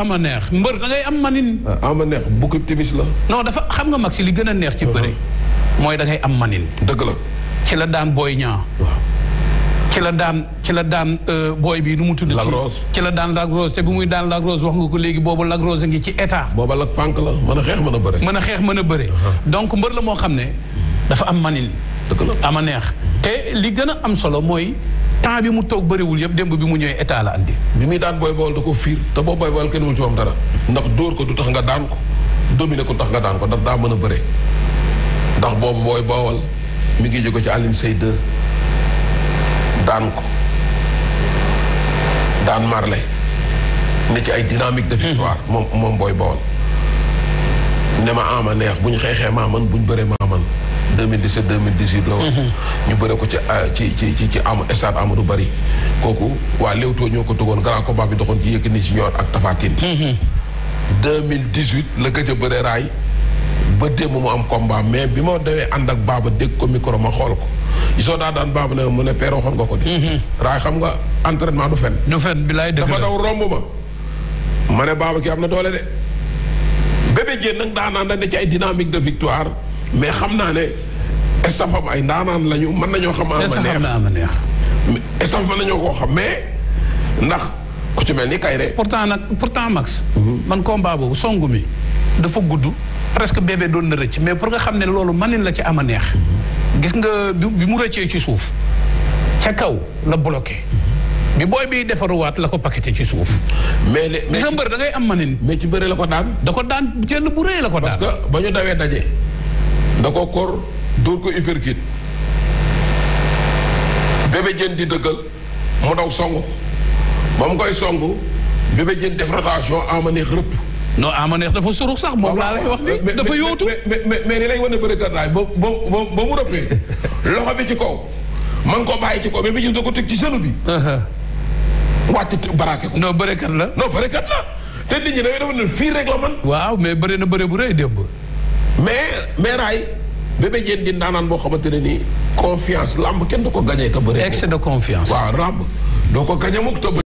ama neex mbër da ngay am manin. Ah, ama neex bukki timis la. non dafa xam nga mag si li gën a neex. ci uh-huh. bëre mooy dangay ngay am manin. dëgg la. ci la daan booy ñaa. ci daan ci la daan euh, booy bi nu mu tudd. ci la daan Lac Rose te bu muy daan Lac Rose wax nga ko léegi boobu Lac Rose ngi ci état. booba lag pànk la mën a xeex mën a bëre. mën a xeex mën a bëre. Uh-huh. donc mbër la moo xam ne dafa am manin. dëgg la ama neex te li gën a am solo mooy temps bi mu toog bëriwul yëpp démb bi mu ñëwee état la andi. bi muy daan booy bool da ko fiir te boobu booy bool kenn wul ci moom dara ndax dóor ko du tax nga daan ko dominer ko du tax nga daan ko ndax daa a bëre boobu booy boowal mi ngi jóge ci Alioune Seye 2 daan ko daan marle ne ci ay dynamique de victoire hmm. moom moom booy boowal ne ma ama neex buñ ñu xeexee maa man bu bëree maa man 2017 2018 la woon mhm. ñu bëre ko ci ah, ci ci ci ci am stade Amadou Barry kooku waa Leewtoo ñoo ko tëggoon bi doxoon mhm. a bëre raay ma dawee ànd ak baaba dégg ko micro de mhm. raay xam nga entraînement du fen du fen bi laay dëgg dafa daw romb ma ma ne baaba ki am na doole de bébé jéen nag daanaan ne ci ay dynamique de victoire mais xam naa ne estafam ay ndaanaan lañu mën nañoo xam. ama neex estaf la nañoo koo xam mais ndax ku ci mel ni Kayre. pourtant nag pourtant Max. man combat boobu songu mi dafa gudd presque bébé doon na rëcc mais pour nga xam ne loolu mënin la ci ama neex. gis nga bi mu rëccee ci suuf ca kaw la bloqué. bi booy bi defaruwaat la ko paqueté ci suuf. mais de mais sa mbër da ngay am manin. mais ci bëre la ko daan. da ko daan jël bu rëy la ko daan. parce que ba ñu dawee daje. da ko kor. dóor ko uppercut Bébé Diène di dëggal mu daw songu ba mu koy songu Bébé Diène def rotation Ama Neex rëpp. non Ama Neex dafa surux sax moom laa lay wax ni dafa yóotu mais mais mais ni mu rëppee loxo bi ci kaw man ko bàyyi ci kaw Bébé Diène da ko teg ci sënu bi. Uh-huh. wàcc baraake ko. non bërekat la. non bërekat la te nit ñi da ngay defoon fii rek la man. waaw mais bëri na bëri bu rëy démb. mais mais Bébé Diène di ndaanaan boo xamante ne nii confiance lamb kenn du ko gañee te bëri excès de confiance waaw lamb doo ko gañe mukk te bëri